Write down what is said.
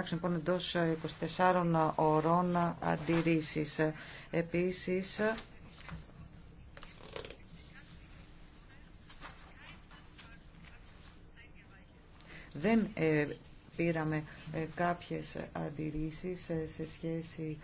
υπάρξουν λοιπόν εντό 24 ε, ε, ωρών ε, αντιρρήσει. Επίση, δεν πήραμε κάποιες αντιρρήσεις σε σχέση